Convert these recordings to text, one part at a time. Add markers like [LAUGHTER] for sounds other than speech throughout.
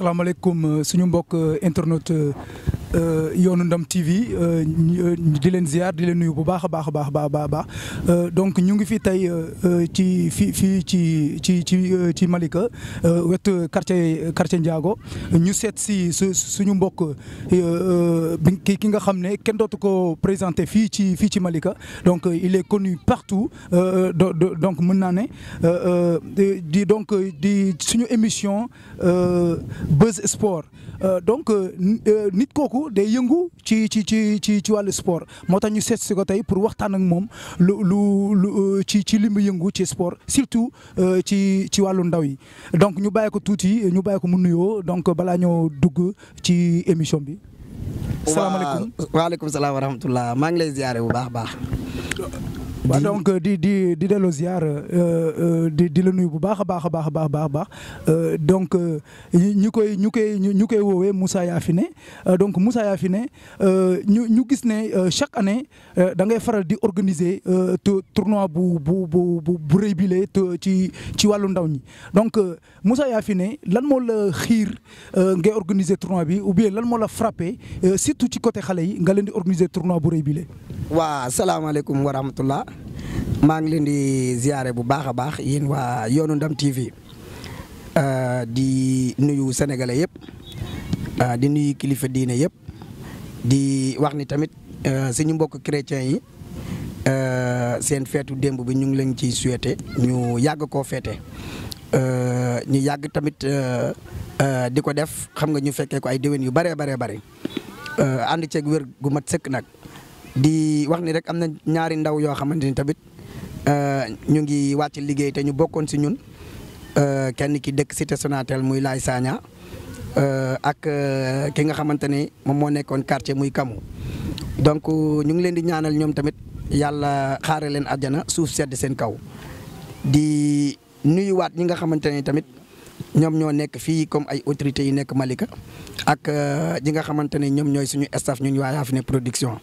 asalaamaaleykum euh, suñu mbokk euh, internaute euh, Euh, yoonu ndam TV euh, di leen ziar di leen nuyu bu baax a baax a baax a baax euh, donc ñu ngi fi tey ci fi fii ci ci ci ci Malika wet quartier quartier Ndiago ñu seet si su suñu mbokk bi ki nga xam ne kenn dootu ko présenté fii ci fii ci Malika donc il est connu partout donc mën naa ne di donc di suñu émission Buzz Sport donc nit kooku. kooku day yëngu ci ci ci ci ci wàllu sport moo tax ñu seet si ko tey pour waxtaan ak moom lu lu lu euh, ci ci li mu yëngu ci sport surtout euh, ci ci wàllu ndaw yi donc ñu bàyyi ko tuuti ñu bàyyi ko mu nuyoo donc balaa ñoo dugg ci émission bi. salaamaaleykum waaleykum salaam wa rahmatulah maa ngi lay ziare bu baax a baax. waaw donc di di di delloo ziar euh, euh, di di la nuyu bu baax a baax a baax a baax a baax euh, donc ñu koy ñu koy ñu koy woowee Moussa Yafine donc Moussa Yafine ñu ñu gis ne chaque année da ngay faral di organiser tournoi bu bu bu bu rëy bile ci ci wàllu ndaw ñi donc Moussa Yafine lan moo la xiir ngay organiser tournoi bi ou bien lan moo la frappé surtout ci côté xale yi nga leen di organiser tournoi bu rëy bile. waa salaamaaleykum wa rahmatullah maa ngi leen di ziare bu baax a baax yéen waa yoonu ndam TV euh, di nuyu sénégalais yëpp euh, di nuyu kilifa diine yëpp di wax ni tamit euh, suñu mbokk chrétiens yi seen feetu démb bi ñu ngi leen ci souhaité ñu yàgg koo feete ñu yàgg tamit di ko def xam nga ñu fekkee ko ay déwén yu bëree baree bëri ànd ceeg wér gu mat sëkk nag. di wax ni rek am na ñaari ndaw yoo xamante ni tamit euh, ñu ngi wàcc liggéey te ñu bokkoon si ñun euh, kenn ki dëkk cité Sonatel muy Laay Sagna euh, ak ki nga xamante ni moom moo nekkoon quartier muy Kamu donc ñu ngi leen di ñaanal ñoom tamit yàlla xaare leen àjjana suuf sedd seen kaw di nuyuwaat ñi nga xamante ni tamit. ñoom ñoo nekk fii comme ay autorités yi nekk Malika ak euh, ñi nga xamante ne ñoom ñooy suñu staff ñun waa Yafine production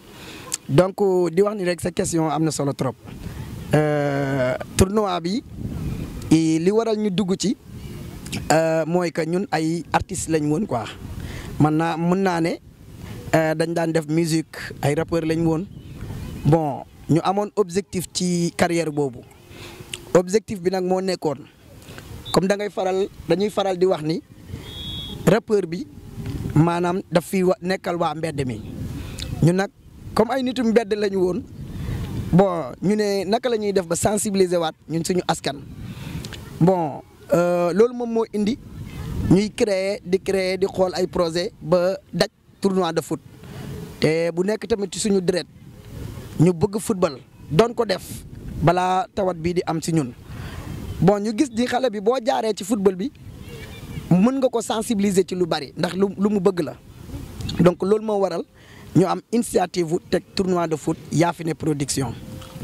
donc euh, di wax ni rek sa question am na solo trop euh, tournoi bi li waral ñu dugg ci mooy que ñun ay artistes lañ woon quoi man naa mën naa ne dañ daan def musique ay rappeurs lañ woon bon ñu amoon objectif ci carrière boobu objectif bi nag moo nekkoon. comme da ngay faral dañuy faral di wax ni rappeur bi maanaam daf fi wa nekkal waa mbedd mi ñu nag comme ay nitu mbedd lañu woon bon ñu ne naka la ñuy def ba sensibiliser waat ñun suñu askan bon euh, loolu moom moo indi ñuy créer di créer di xool ay projet ba daj tournoi de foot te bu nekk tamit ci suñu deret ñu bëgg football doon ko def balaa tawat bii di am si ñun bon ñu gis di xale bi boo jaaree ci football bi mën nga ko sensibiliser ci lu bari ndax lu lu mu bëgg la donc loolu moo waral ñu am initiative wu teg tournoi de foot Yafine Production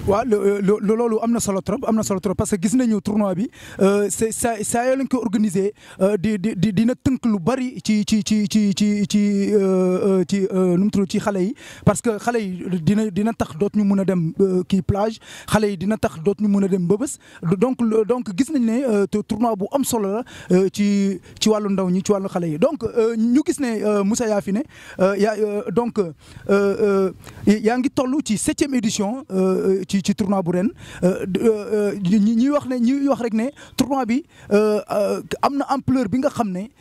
waaw euh, loolu am na solo trop am na solo trop parce que gis nañu tournoi bi euh, c'est saa saa yoo lañ ko organisé euh, di di dina tënk lu bari ci ci ci ci ci ci ci nu ci xale yi parce que xale yi dina dina tax doot ñu mën a dem kii plage xale yi dina tax doot ñu mën a dem mbëbës donc donc gis nañ ne tournoi bu am solo ci ci wàllu ndaw ñi ci wàllu xale yi donc ñu gis ne Moussa Yafine yaa donc yaa ngi toll ci septième édition. ci ci tournoi bu ren euh, euh, euh, ñi wax ne ñi wax rek ne tournoi bi am na ampleur bi nga xam ne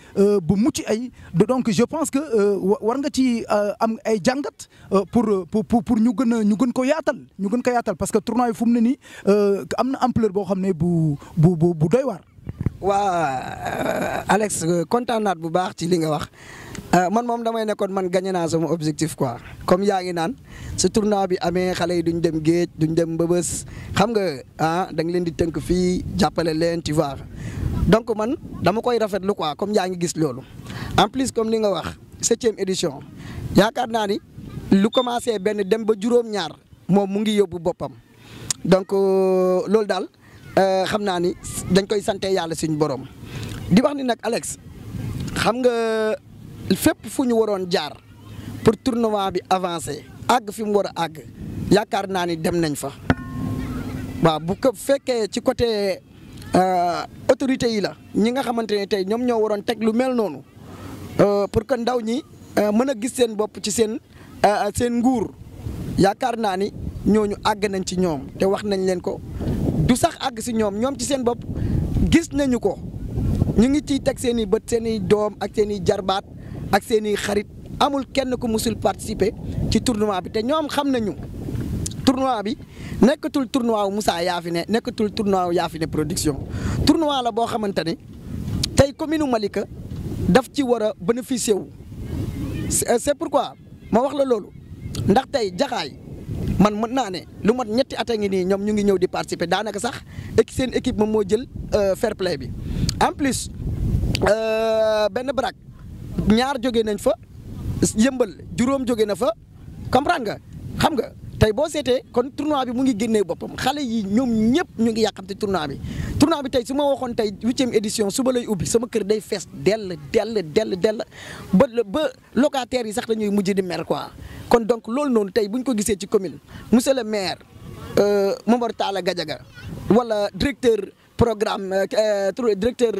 bu mucc ay donc je pense que war nga ci am ay jàngat pour pour pour ñu gën a ñu gën ko yaatal ñu gën ko yaatal parce que tournoi yi fu mu ne nii am na ampleur boo xam ne bu bu bu doy waar. waa Alex kontaan naat bu baax ci li nga wax. Euh, man moom damay nekkoon man gagné naa sama objectif quoi comme yaa ngi naan su tournoi bi amee xale yi duñ dem géej duñ dem mbëbës xam nga ah da leen di tënk fii jàppale leen ti vois donc man dama koy rafetlu quoi comme yaa ngi gis loolu. en plus comme ni nga wax septième édition yaakaar naa ni lu commencé benn dem ba juróom-ñaar moom mu ngi yóbbu boppam donc euh, loolu daal euh, xam naa ni dañ koy sante yàlla suñu boroom di wax ni nag Alex xam nga. fépp fu ñu waroon jaar pour tournoi bi avancer àgg fi mu war a àgg yaakaar naa ni dem nañ fa waaw bu ko fekkee ci côté euh, autorités yi la ñi nga xamante ne tey ñoom ñoo waroon teg lu mel noonu euh, pour que ndaw ñi euh, mën a gis seen bopp ci seen seen nguur yaakaar naa ni ñooñu àgg nañ ci ñoom te wax nañ leen ko du sax àgg si ñoom ñoom ci seen bopp gis nañu ko ñu ngi ciy teg seen i bët seeni doom ak seen i jarbaat. ak seen i xarit amul kenn ku musul participer ci tournoi bi te ñoom xam nañu tournoi bi nekkatul tournoi wu Moussa Yaafiné nekkatul tournoi wu Yaafiné production tournoi la boo xamante ne tey commune Malika daf ci war a bénéficier wu euh, c'est pourquoi ma wax la loolu ndax tey jaxaay man mën naa ne lu mat ñetti at ngi nii ñoom ñu ngi ñëw di participer daanaka sax seen équipe moom moo jël euh, fair play bi en plus euh, benn brak ñaar jóge nañ fa yëmbal juróom jóge na fa comprendre nga xam nga tey boo seetee kon tournoi bi mu ngi génnee boppam xale yi ñoom ñëpp ñu ngi yàqamte tournoi bi tournoi bi tey su ma waxoon tey huitième édition suba lay ubbi sama kër day fees dell dell dell dell ba ba locataires yi sax ñuy mujj di mer quoi kon donc loolu noonu tey bu ñu ko gisee ci commune monsieur le maire euh, Momar Talla gajaga wala directeur programme euh, euh, directeur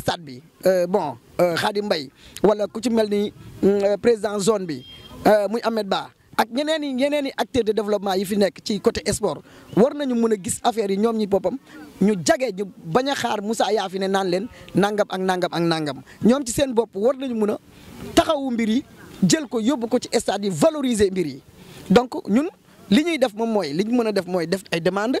stade bi bon Euh, Khadim mbay wala ku ci mel ni mm, euh, président zone bi euh, muy Ahmed Ba ak ñeneen i ñeneen i acteurs de développement yi fi nekk ci côté sport war nañu mën a gis affaire yi ñoom ñi boppam ñu jage ñu bañ a xaar Moussa yaa fi ne naan leen nangam ak nangam ak nangam ñoom ci seen bopp war nañu mën a taxawu mbir yi jël ko yóbbu ko ci stade yi valoriser mbir yi donc ñun li ñuy def moom mooy li ñu mën a def mooy def ay demande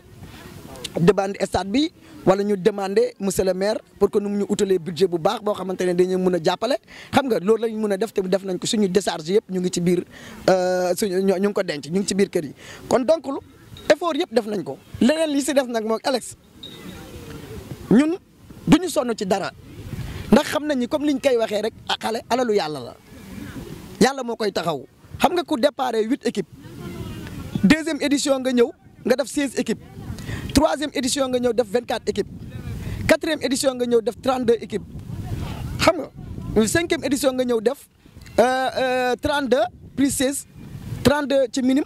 demande stade bi wala ñu demander monsieur le maire pour que nu mu ñu utalee budget bu baax boo xamante ne dañu mën a jàppale xam nga loolu lañ mën a def te def nañ ko suñu décharge yëpp ñu ngi ci biir euh, suñu ñu ngi ko denc ñu ngi ci biir kër yi kon donc effort yëpp def nañ ko leneen li si def nag moom Alex ñun du ñu sonn ci dara ndax xam nañ ni comme liñ koy waxee rek ah, xale alalu yàlla la yàlla moo koy taxaw xam nga ku déparé huit équipes deuxième édition nga ñëw nga def seize équipes troisième édition nga ñëw def vingt quatre équipes quatrième édition nga ñëw def trente deux xam nga cinquième édition nga ñëw def euh, euh, trente deux plus seize trente deux ci minime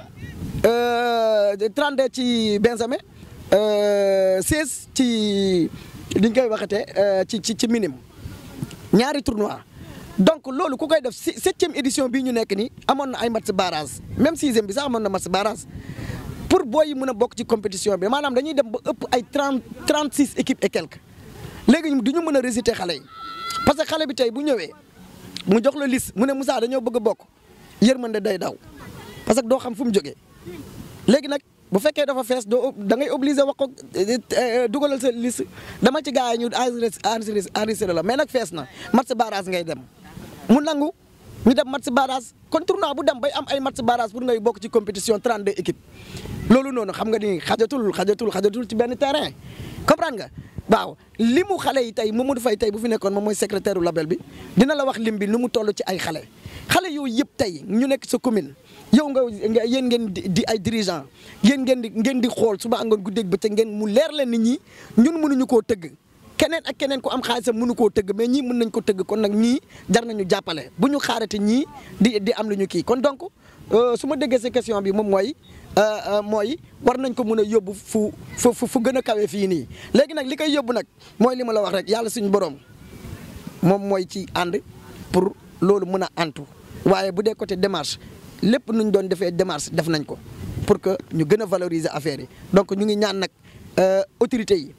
euh, trente deux ci benjamin seize ci li ñu koy waxatee ci ci ci minime ñaari tournoi donc loolu ku koy def septième édition bii ñu nekk nii amoon na ay match barrage même sixième bi sax amoon na match barrage pour booy yi mën a bokk ci compétition bi maanaam dañuy dem ba ëpp ay trente trente six équipes et quelques léegi du ñu mën a résister xale yi parce que xale bi tey bu ñëwee mu jox la liste mu ne Moussa dañoo bëgg a bokk yërmande day daw parce que doo xam fu mu jógee léegi nag bu fekkee dafa fees doo da ngay obligé wax ko eh, eh, dugalal sa liste dama ci gars yi ñu enregistré enregistré la mais nag fees na match barrage ngay dem mu nangu. ñu dem match barrage kon tournoi bu dem bay am ay match barrage pour ngay bokk ci compétition 32 équipes loolu noonu xam nga ni xajatul xajatul xajatul ci benn terrain comprendre nga waaw li mu xale yi tey Mamadou Faye tey bu fi nekkoon moom mooy secrétaire label bi dina la wax lim bi nu mu toll ci ay xale xale yooyu yëpp tey ñu nekk sa commune yow nga yéen ngeen di ay dirigeant yéen ngeen di ngeen di xool suba ngoon guddeeg bëccëg ngeen mu leer leen nit ñi ñun mënuñu koo tëgg keneen ak keneen ku am xaalisam mënu koo tëgg mais ñii mun nañ ko tëgg kon nag ñii jar nañu jàppale bu ñu xaarati ñii di di am lu kii kon donc euh, su ma déggee si question bi moom mooy euh, euh, mooy war nañ ko mun a yóbbu fu fu gën a kawee fii nii léegi nag li koy yóbbu nag mooy li ma la wax rek yàlla suñu borom moom mooy ci ànd pour loolu mun a antu waaye bu dee côté démarche lépp nuñ doon defee démarche def nañ ko pour que ñu gën a valoriser affaire yi donc ñu ngi ñaan nag autorités yi.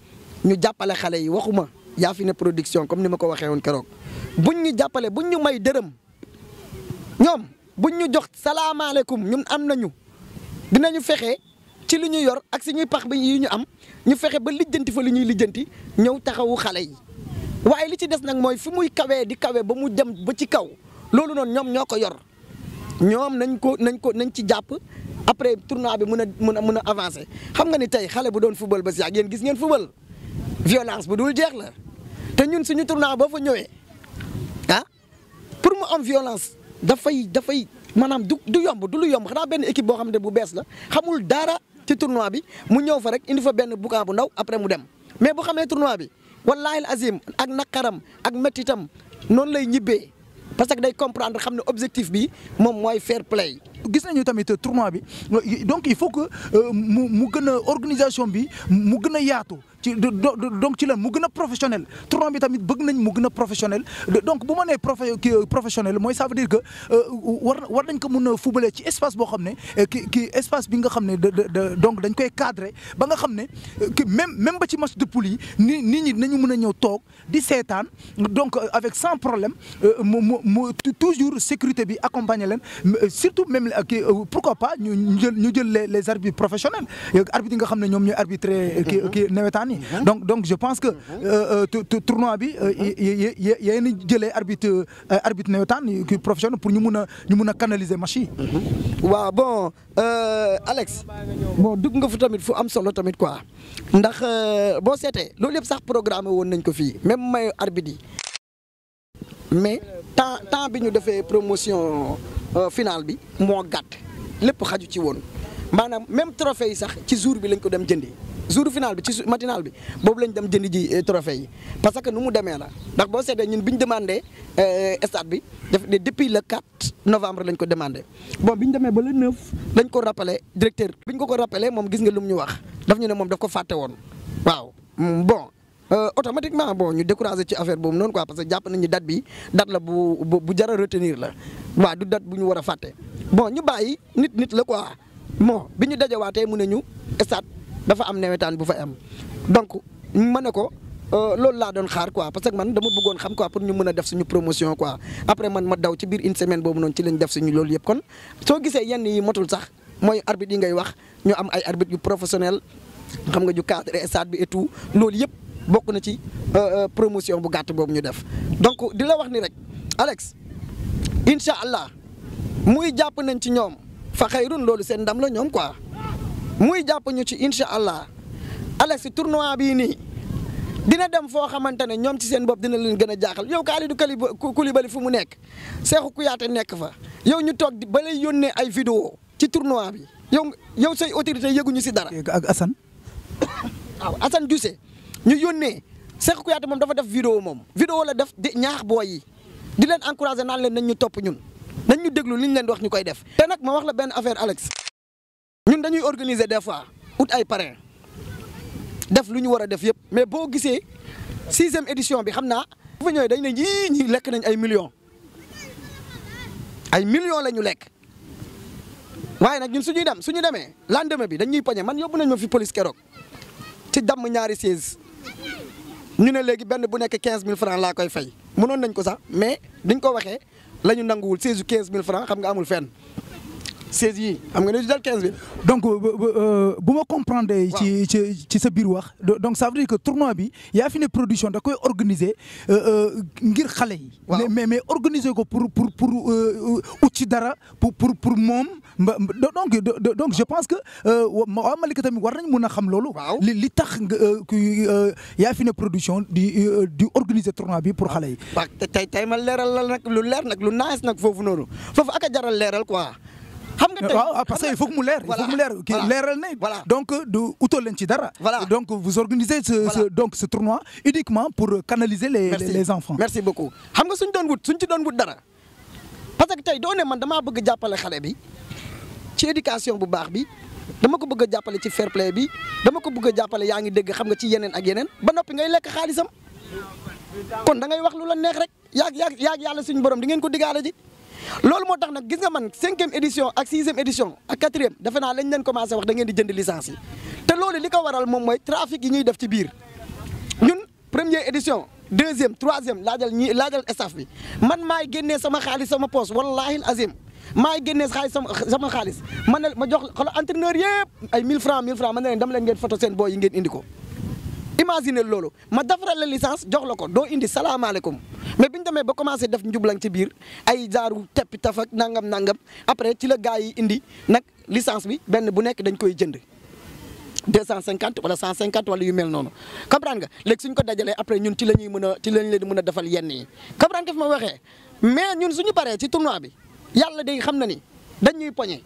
ñu jàppale xale yi waxuma yaa ne production comme ni ma ko waxee woon keroog buñ ñu jàppale bu ñu may dërëm ñoom buñ ñu jox salaamaaleykum ñun am nañu ñu fexe ci li ñuy yor ak suñuy pax bi yi ñu am ñu fexe ba lijjanti fa li ñuy lijjanti ñëw taxawu xale yi waaye li ci des nag mooy fu muy kawee di kawee ba mu dem ba ci kaw loolu noonu ñoom ñoo ko yor ñoom nañ ko nañ ko nañ ci jàpp après tournoi bi mun a mën a mën a avancer xam nga ni tey xale bu doon football ba si yàgg gis ngeen football. violence bu dul jeex la te ñun suñu tournant boo fa ñëwee ah pour mu am violence dafay dafay maanaam du du yomb du lu yomb xanaa benn équipe boo xam ne bu bees la xamul dara ci tournoi bi mu ñëw fa rek indi fa benn boucan bu ndaw après mu dem mais boo xamee tournoi bi wallahi azim ak naqaram ak méttitam noonu lay ñibbe parce que day comprendre xam ne objectif bi moom mooy fair play. gis nañu tamit tournoi bi donc il faut que euh, mu mu gën a organisation bi mu gën a yaatu. ci donc ci lan mu gën a professionnel tournoi bi tamit bëgg nañ mu gën a professionnel donc bu ma nee prof euh, professionnel mooy ça veut dire que euh, war war nañ ko mun a fubalee ci espace boo xam ne euh, ki espace bi nga xam ne donc dañ koy cadré ba nga xam ne même même ba ci match de poule yi ni nit ñi nañu mën a ñëw toog di seetaan donc avec sans problème mu mu mu toujours sécurité bi accompagner leen surtout même ki pourquoi pas ñu jël ñu jël les les arbitres professionnels arbitres yi nga xam ne ñoom ñooy arbitré ki mm-hmm. ki nawetaan sànni mhm. donc donc je pense que mhm. euh, euh, tournoi bi euh, mhm. yéen a jëlee arbitre arbitre nawetaan kii professionnel pour ñu mun a ñu mun a canaliser match yi waaw bon Alex bon dugg nga fu tamit fu am solo tamit quoi ndax boo seetee loolu yëpp sax programme woon nañ ko fii même may arbitre yi mais temps temps bi ñu defee promotion finale bi moo gàtt lépp xaju ci woon maanaam même trophée yi sax ci jour bi lañ ko dem jëndi jour final bi ci matinal bi boobu lañ dem jënd ji eh, trophée yi parce que nu mu demee la ndax boo seetee ñun bi ñu demandé eh, stade bi def depuis le 4 novembre lañ ko demandé bon bi ñu demee ba le 9 lañ ko rappelé directeur bi ñu ko ko rappelé moom gis nga lu mu ñu wax daf ñu ne moom daf ko fàtte woon waaw mm, bon. Euh, automatiquement bon ñu découragé ci affaire boobu noonu quoi parce que jàpp nañu date bi date la bu bu jar la waaw du date bu ñu war a fàtte bon ñu bàyyi nit nit la quoi bon bi ñu dajawaatee mu ne ñu stade dafa am nawetaan bu fa am donc ma ne ko euh, loolu laa doon xaar quoi parce que man dama bëggoon xam quoi pour ñu mën a def suñu promotion quoi après man ma daw ci biir une semaine boobu noonu ci lañ def suñu loolu yëpp kon soo gisee yenn yi motul sax mooy arbitre yi ngay wax ñu am ay arbitre yu professionnel xam nga ju cadre stade bi et loolu yëpp bokk na ci euh, euh, promotion bu gàtt boobu ñu def donc di la wax ni rek Alex incha allah muy jàpp nañ ci ñoom fa xayrun loolu seen ndam la ñoom quoi. muy jàpp ñu ci incha allah Alex tournois bii nii dina dem foo xamante ne ñoom ci seen bopp dina leen gën a jaaxal yow Kalidou Koulibaly fu mu nekk Cheikhou Kouyaté nekk fa yow ñu toog ba lay yónnee ay vidéo ci tournoi bi yow yow say autorité yëguñu si dara. ak Assane. waaw Assane Diouf ñu yónnee Cheikhou Kouyaté moom dafa def vidéo moom. vidéo la def di ñaax booy yi di leen encouragé naan leen nañ ñu topp ñun nañ ñu déglu liñ leen di wax ñu koy def. te nag ma wax la benn affaire Alex. ñun dañuy organiser des fois ut ay parrain def lu ñu war a def yëpp mais boo gisee sixième édition bi xam naa bu ñëwee dañ ne ñii lekk nañ ay millions ay millions la ñu lekk waaye nag ñun suñuy dem suñu demee lendemain bi dañuy poñe man yóbbu nañ ma fi police keroog ci damm ñaari siège ñu ne léegi benn bu nekk quinze mille francs laa koy fay mënoon nañ ko sax mais diñ ko waxee la ñu nanguwul siège quinze mille francs xam nga amul fenn 16 yi am nga ne du dal 15 bi. donc euh, euh, euh, bu ma comprendre. ci ci ci sa biir wax. donc ça que tournoi bi yaa fi production da koy organiser ngir xale yi. waaw mais mais organiser ko pour pour pour ut ci dara pour pour pour moom mba donc donc je pense que waa Malika tamit war nañ mën a xam loolu. li li tax nga yaa fi ne production di di organiser tournoi bi pour xale yi. waaw tey tey ma leeral la nag lu leer nag lu naas nag foofu noonu foofu ak a jaral leeral quoi. xam nga tey waaw ah, parce que il faut leer il faut leer kii ne donc euh, du utal leen ci dara donc vous organisez donc ce tournoi uniquement pour canaliser les les enfants merci beaucoup xam nga suñ doon wut suñ ci doon wut dara parce que tey doone ne man damaa bëgg jàppale xale bi ci éducation bu baax bi dama ko bëgg a jàppale ci fair play bi dama ko bëgg a jàppale yaa ngi dégg xam nga ci yeneen ak yeneen ba noppi ngay lekk xaalisam kon da ngay wax lu la neex rek yaag yaag yaag yàlla suñu borom di ngeen ko digaale ji loolu moo tax nag gis nga man cinquième édition ak sixième édition ak quatrième defe naa lañ leen commencé wax da ngeen di jënd licence te loolu li ko waral moom mooy trafic yi ñuy def ci biir ñun première édition deuxième troisième laajal ñi laajal staff bi man maay génnee sama xaalis sama poos wallahi azim maay génnee xaalis sama xaalis man ne ma jox xolo entraîneur yëpp ay 1000 francs 1000 francs man ne dama leen ngeen photo seen booy yi ngeen indi ko imaginer loolu ma defaral la licence jox la ko doo indi salaamaaleykum mais bi ñu mee ba commencé def njublaŋ ci biir ay jaaru teppi taf ak nangam nangam après ci la gars yi indi nag licence bi benn bu nekk dañ koy jënd. 250 wala 150 wala yu mel noonu comprendre nga léegi suñ ko dajalee après ñun ci la ñuy mën a ci lañ leen mën a defal yenn yi comprendre nga fi ma waxee mais ñun suñu paree ci tournoi bi yàlla day xam na ni dañ ñuy poñe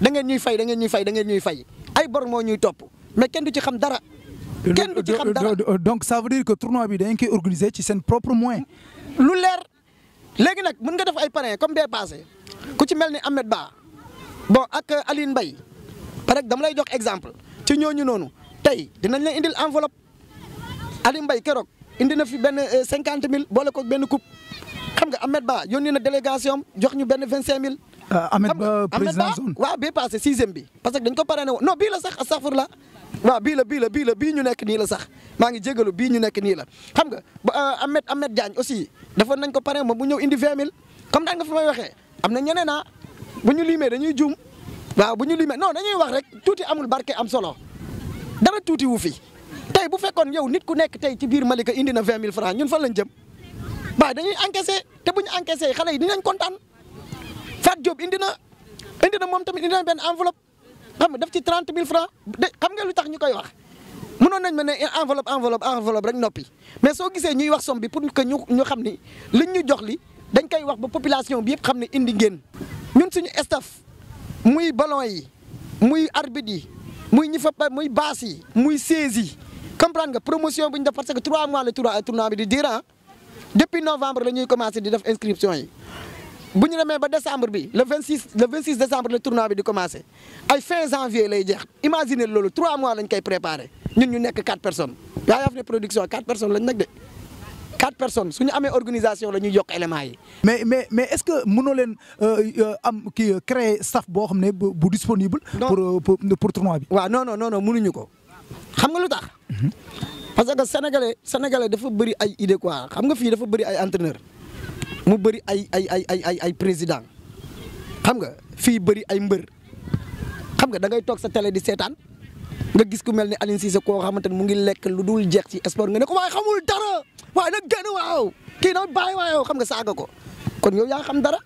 da ngeen ñuy fay da ngeen ñuy fay da ngeen ñuy fay ay bor moo ñuy topp mais kenn du ci xam dara. kenn euh, du ci euh, xam euh, dara donc ça veut dire que tournoi bi koy organiser ci seen propre moyen. lu leer léegi nag mën nga def ay parrains comme bee passé ku ci mel ni Ahmed Ba bon ak Aline Mbaye par exemple dama lay jox exemple ci ñooñu noonu tey dinañ la indil enveloppe Aline Mbaye keroog indi na fi benn cinquante mille boole ko benn coupe xam nga Ahmed Ba yónni na délégation jox ñu benn vingt cinq mille. Euh, Ahmed Ba président zone waaw bii passé bi parce que dañ ko parrainé woon non bii la sax astaghfirullah waaw bii la bii la bii la bii ñu nekk nii la sax maa ngi jégalu bii ñu nekk nii la xam nga ba euh, Ahmed Ahmed Diagne aussi dafa nañ ko parrainé moom bu ñëw indi 20000 comme daan nga fi may waxee am na ñeneen ah bu ñu limee dañuy juum waaw bu ñu limee non dañuy wax rek tuuti amul barke am solo dara tuuti wu fi tey bu fekkoon yow nit ku nekk tey ci biir Malika indi na vingt 20000 francs ñun fan lañ jëm waaw dañuy encaissé te bu ñu encaissé xale yi dinañ kontaan. Lat Diop indi na indi na moom tamit indi na benn enveloppe xam nga def ci trente mille francs de xam nga lu tax ñu koy wax noon nañ ma ne enveloppe enveloppe enveloppe rek noppi mais soo gisee ñuy wax somme bi pour que ñu ñu xam ni liñ ñu jox li dañ koy wax ba population bi yëpp xam ne indi ngeen ñun suñu staff muy ballon yi muy arbitre yi muy ñi fa muy baas yi muy seize promotion bu ñu def parce que trois mois la tournoi tournoi bi di durant ah. depuis novembre la ñuy commencé di def inscription yi bu ñu demee ba décembre bi le 26 le 26 décembre le tournoi bi di commencé ay fin janvier lay jeex imaginer loolu 3 mois lañ koy préparé ñun ñu nekk 4 personnes yaa yaaf ne production 4 personnes lañ nag de 4 personnes su ñu amee organisation la ñuy yokk éléments yi. mais mais mais est-ce que mënoo leen euh, euh, am kii euh, créer staff boo xam ne bu disponible. pour pour pour tournoi bi. waa non non non ko xam nga lu tax. Mhm. parce que sénégalais sénégalais dafa bëri ay idée quoi xam nga fii dafa bëri ay entraîneurs. mu bëri ay ay ay ay ay président xam nga fii bëri ay mbër xam nga dangay toog sa télé di seetaan nga gis ku mel ni Alioune ko koo xamante ni mu ngi lekk lu dul jeex ci sport nga ne ko waaye xamul dara waaye nag génn waaw kii na bàyyi waaw xam nga saaga ko kon yow yaa xam dara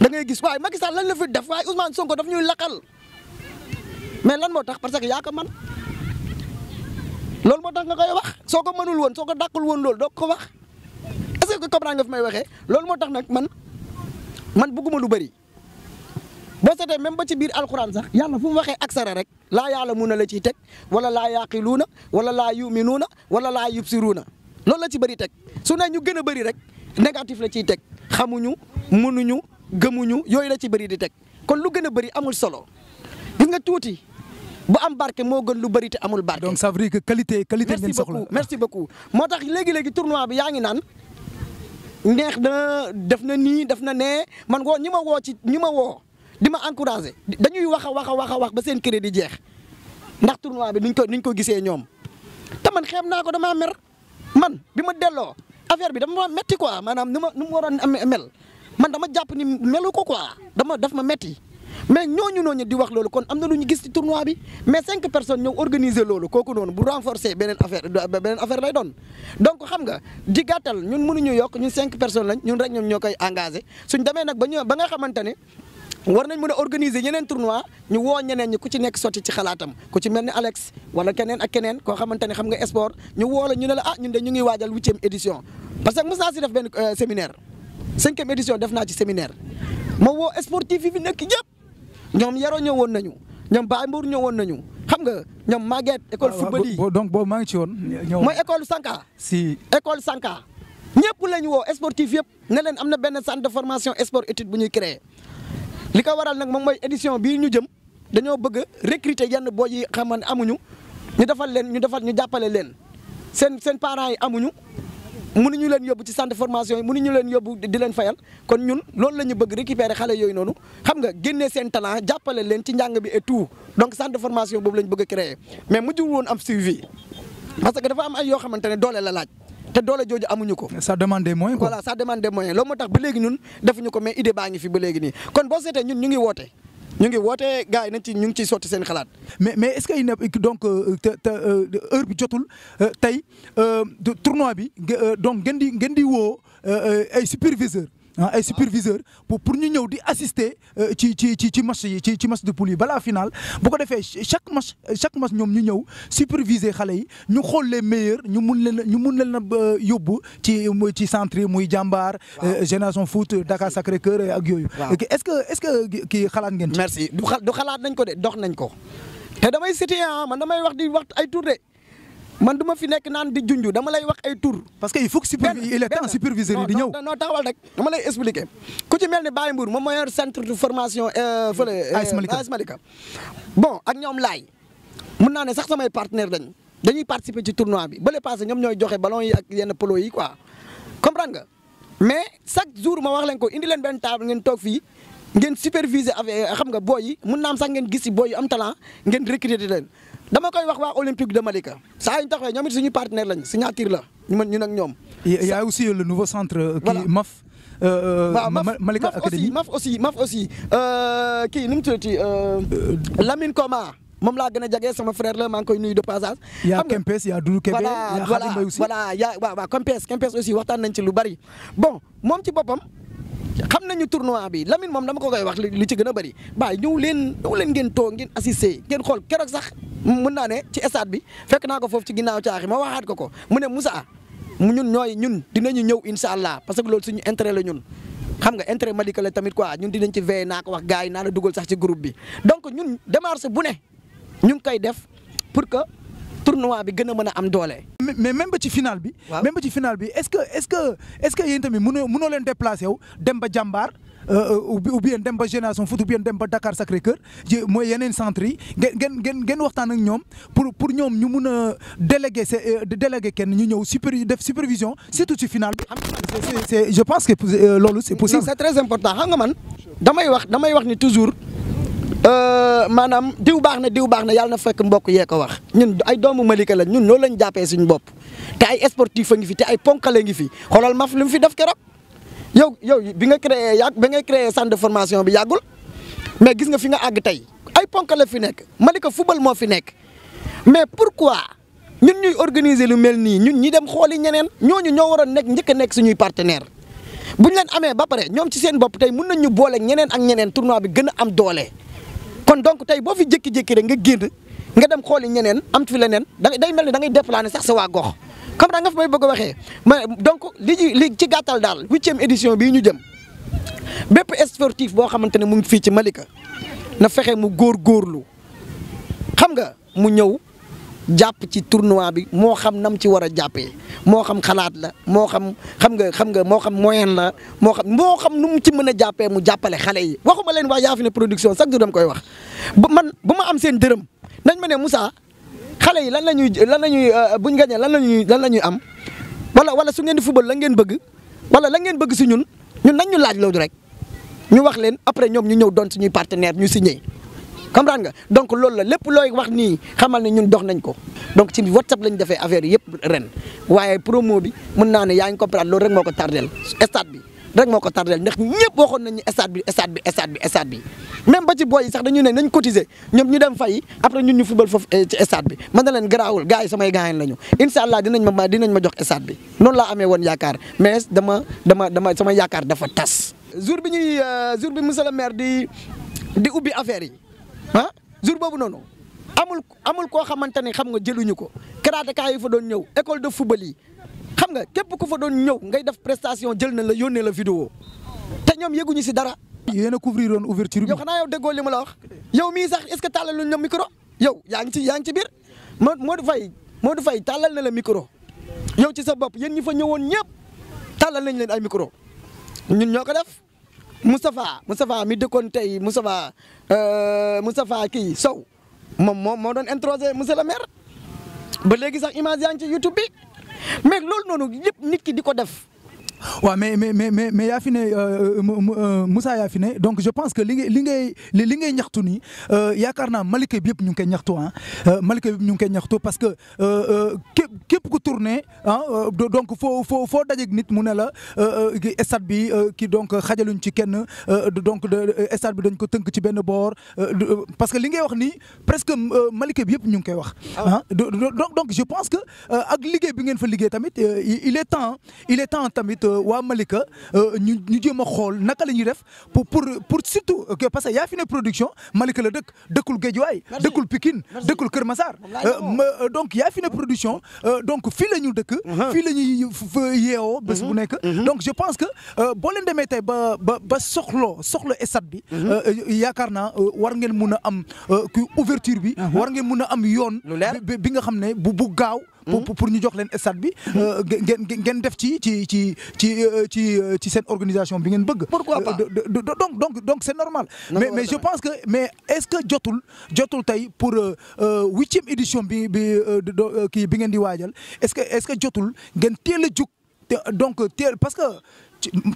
da ngay gis waaye Macky Sall lañ la fi def waaye Ousmane Sonko daf ñuy lakkal mais lan moo tax parce que yaa ko man loolu moo tax nga koy wax soo ko mënul woon soo ko dàqul woon loolu doo ko wax. est-ce que may waxee loolu moo tax nag man man bëgguma lu bari boo seetee même ba ci biir alxuraan sax yàlla fu mu waxee ak sara rek la yàlla mun na la ciy teg wala laa yaaqiluuna wala laa yuminuuna wala laa yubsiruuna loolu la ci bari teg su ne ñu gën a bëri rek négatif la ciy teg xamuñu mënuñu gëmuñu yooyu la ci bëri di teg kon lu gën a bëri amul solo gis nga tuuti bu am barke moo gën lu bari te amul barke. donc ça veut qualite que soxla merci beaucoup moo tax léegi léegi tournoi bi yaa ngi naan. neex na def na nii def na nee man woo ñi ma woo ci ñi ma woo di ma encouragé dañuy wax a wax a wax wax ba seen crédit jeex ndax tournoi bi niñ ko niñ ko gisee ñoom te man xeeb naa ko dama mer man bi ma delloo affaire bi dama metti quoi maanaam nu ma nu mu waroon mel man dama jàpp ni melu ko quoi dama daf ma metti mais ñooñu noonu di wax loolu kon am na lu ñu gis ci tournoi bi mais cinq personnes ñëw organiser loolu kooku noonu bu renforcer beneen affaire beneen affaire lay doon donc xam nga di gàttal ñun mënuñu yokk ñu cinq personnes lañ ñun rek ñoom ñoo koy engagé suñ demee nag ba nga xamante ne war nañ mën a organiser yeneen tournoi ñu woo ñeneen ñi ku ci nekk sotti ci xalaatam ku ci mel ni Alex wala keneen ak keneen koo xamante ne xam nga sport ñu woo la ñu ne la a ah, ñun de ñu ngi waajal huitième édition parce que mos naa si def benn euh, séminaire cinquième def naa ci séminaire ma woo sportif yi nekk yëpp ñoom Yero ñëwoon nañu ñoom Baye Mbour ñëwoon nañu xam nga ñoom Maguette école ah, football yi donc boobu maa ngi ci woon. mooy école Sanka. si école Sanka. ñëpp lañ woo sportif yëpp na leen am na benn centre de formation sport étude bu ñuy créer li ko waral nag moom mooy édition bii ñu jëm dañoo bëgg a recruter yenn boo yi xam ne amuñu ñu defal leen ñu defal ñu jàppale leen seen seen parents yi amuñu. mënuñu leen yóbbu ci centre formation yi mënuñu leen yóbbu di leen fayal kon ñun loolu la ñu bëgg récupérer xale yooyu noonu xam nga génnee seen talent jàppale leen ci njàng bi et tout donc centre de formation boobu la bëgg a créer mais mujjul woon am suivi parce que dafa am ay yoo xamante ne doole la laaj te doole jooju amuñu ko. ça demande des moyens quoi. voilà demande des moyens loolu moo tax ba léegi ñun defuñu ko mais idée baa ngi fi ba léegi nii kon boo seetee ñun ñu ngi woote. ñu ngi woote gars yi nañ ci ñu ngi ciy sotti seen xalaat. mais mais est-ce que il ne donc euh, te te euh, heure bi jotul euh, tey tournoi bi donc ngeen di ngeen di woo ay superviseur Ah, ay superviseur pour ñu ñëw di assister euh, ci ci ci ci ci ci match de poule yi balaa final bu ko defee chaque match euh, chaque match ñoom ñu ñëw superviser xale yi ñu xool les meilleurs ñu mun leen ñu mun leen a euh, yóbbu ci ci centre yi muy jàmbaar. génération foot Dakar Sacré Cœur ak yooyu. est ce que est ce que kii xalaat ngeen ci. merci du xalaat nañ ko de dox nañ ko te damay cité ah man damay wax di ay tour de man du fi nekk naan di junj dama lay wax ay tur. parce que il faut que superviser il est di ñëw. non taxawal rek dama lay expliquer ku ci mel ni Baye Mbour moom mooy centre de formation euh, fële. Euh, AS Malika bon ak ñoom laay mun naa ne sax samay partenaire dañ dañuy participer ci tournoi bi ba le passé ñoom ñooy joxe ballon yi ak polo yi quoi comprendre nga mais chaque jour ma wax leen ko indi leen benn table ngeen toog fii. ngeen superviser avec xam nga booy yi mun naa am sax ngeen gis si booy yu am talent ngeen recruter leen dama koy wax waa olympique de Malika saa yu ñu taxawee ñoom it suñu partenaire lañ signature la ñu mën ñun ak ñoom. aussi le nouveau centre. Euh, voilà kii MAF. Euh, euh, waaw Malika Académie MAF aussi MAF aussi kii nu mu tuddati Lamine Koma. moom laa gën a jege sama frère la maa ngi koy nuyu de passage. xam nga y' a Kempes y' a Doudou Kébé. voilà voilà y' a Kempes Kempes aussi waxtaan nañ ci lu bari bon moom ci boppam. xam nañu tournoi bi Lamine moom dama ko koy wax li ci gën a bëri baay ñëw leen ñëw leen ngeen toog ngeen assisté ngeen xool keroog sax mën naa ne ci stade bi fekk naa ko foofu ci ginnaaw caaxi ma at ko ko mu ne Moussa ñun ñooy ñun dinañu ñëw incha allah parce que loolu suñu intérêt la ñun. xam nga intérêt médical la tamit quoi ñun dinañ ci veillé naa ko wax gars yi naa la dugal sax ci groupe bi donc ñun démarche bu ne ñu ngi koy def pour que tournoi bi gën a mën a am doole. mais même ba ci final bi. même ba ci final bi est-ce que est-ce que est-ce que yéen tamit leen déplacé wu dem ba jàmbaar euh, euh, ou bien dem ba génération foot ou bien dem Dakar sacré mooy yeneen centre yi ngeen ngeen ngeen waxtaan ak ñoom pour pour ñoom ñu mun a délégué sa euh, délégué kenn ñu ñëw super def supervision surtout ci final bi. c'est je pense que loolu c'est possible. c'est important xam nga man damay wax damay wax ni toujours. Euh, maanaam diw baax na diw baax na yàlla na fekk mbokk yee ko wax ñun ay doomu Malika la ñun loolu lañ jàppee suñu bopp te ay sportif ngi fi te ay ponkale ngi fi xoolal maf li mu fi def keroog yow yow bi nga créé yàgg bi nga créé centre formation bi yàggul mais gis nga fi nga àgg tey ay ponkale fi nekk Malika football moo fi nekk mais pourquoi ñun ñuy organiser lu mel nii ñun ñi dem xooli ñeneen ñooñu ñoo waroon nekk njëkk a nekk suñuy partenaire bu ñu leen amee ba pare ñoom ci seen bopp tey mun nañ ñu boole ñeneen ak ñeneen tournoi bi gën a am doole. kon donc tey boo fi jékki-jékki rek nga génn nga dem xooli ñeneen am fi leneen da day mel ni da ngay déplané sax sa waa gox comme da nga fa may bëgg a waxee ma donc li ci li ci gàttal daal huitième édition bii ñu jëm bépp sportif boo xamante ne mu ngi fii ci Malika na fexe mu góor góorlu xam nga mu ñëw jàpp ci tournoi bi moo xam nam ci war a jàppee moo xam xalaat la moo xam xam nga xam nga moo xam moyen la moo xam moo xam nu mu ci mën a jàppee mu jàppale xale yi waxuma leen waa Yafine Production chaque jour dama koy wax ba man bu ma am seen dërëm nañ ma ne Moussa xale yi lan la ñuy lan la ñuy euh, buñ gañee lan la ñuy lan la ñuy am wala wala su ngeen di football la ngeen bëgg wala la ngeen bëgg si ñun ñun nañ ñu laaj loolu rek ñu wax leen après ñoom ñu ñëw doon suñuy partenaire ñu si signé comprendre nga donc loolu la lépp looy wax nii xamal ne ñun dox nañ ko donc ci whatsapp lañ defee affaire yëpp ren waaye promo bi mën naa ne yaa ngi comprendre loolu rek moo ko tardel stade bi rek moo ko tardel ndax ñëpp waxoon nañu stade bi stade bi stade bi stade bi même ba ci booy sax dañu ne nañ cotiser ñoom ñu dem fay après ñun ñu football foofu eh, ci bi man na leen garaawul gars yi samay gaañ lañu incha allah dinañ ma dinañ ma bi noonu laa amee woon yaakaar mais dama dama sama yaakaar dafa tas jour bi ñuy euh, jour bi monsieur le maire di di ubbi affaire yi ah jour boobu noonu amul amul koo xamante ne xam nga jëluñu ko karatéka yi fa doon ñëw école de football yi xam nga képp ku fa doon ñëw ngay def prestation jël na la yónnee la vidéo te ñoom yëguñu si dara. yéen a couvrir woon ouverture bi. yow xanaa yow déggoo li ma la wax yow mi sax est-ce que tàllal luñ la micro yow yaa ngi ci ngi ci biir Modou Faye Modou Faye tàllal na la micro yow ci sa bopp yéen ñi fa ñëwoon ñëpp tàllal nañ leen ay micro ñun ñoo ko def. Moustapha Moustapha mi dëkkoon tey Moustapha euh, Moustapha kii Sow moom moo moo doon introsé monsieur le maire ba léegi sax image yaa ngi ci YouTube bi mais loolu noonu yëpp nit ki di ko def. waaw mais mais mais mais yaa fi ne Moussa yaa fi ne donc je pense que li ngay li ngay li ngay ñaxtu nii euh, yaakaar naa Malika bi yëpp ñu ngi koy ñaxtu ah Malika bi ñu ngi koy ñaxtu parce que euh, képp képp ku tourné ah donc foo foo foo nit mu ne la stade bi kii donc xajaluñ ci kenn donc stade bi dañ ko tënk ci benn boor parce que li ngay wax nii presque Malika bi yëpp ñu ngi koy wax. ah donc donc je pense que ak liggéey bi ngeen fa liggéey tamit il temps il est temps tamit. Euh, waa Malika euh, ñu ñu jéem a xool naka la ñuy def pour pour pour surtout parce que Yafine Production Malika la dëkk dëkkul Guédiawaye dëkkul Pikine dëkkul Kër Massar euh, donc Yafine Production donc fii la ñu dëkk uh-huh. fii la ñuy yeewoo bés bu uh-huh. nekk uh-huh. donc je pense que boo leen demee tey ba ba ba soxloo soxla stade bi yaakaar naa war ngeen mun a am ku ouverture bi war ngeen mun a am yoon bi nga xam ne bu bu gaaw pour pour ñu jox leen stade bi. Mhm. Euh, ngeen ngeen def ci ci ci ci euh, ci euh, ci seen organisation bi ngeen bëgg. pourquoi pas donc donc donc c'est normal. mais mais je pense que mais est-ce que jotul jotul tey pour huitième édition bi bi kii bi ngeen di waajal est-ce que est-ce que jotul ngeen teel a jug donc teel parce que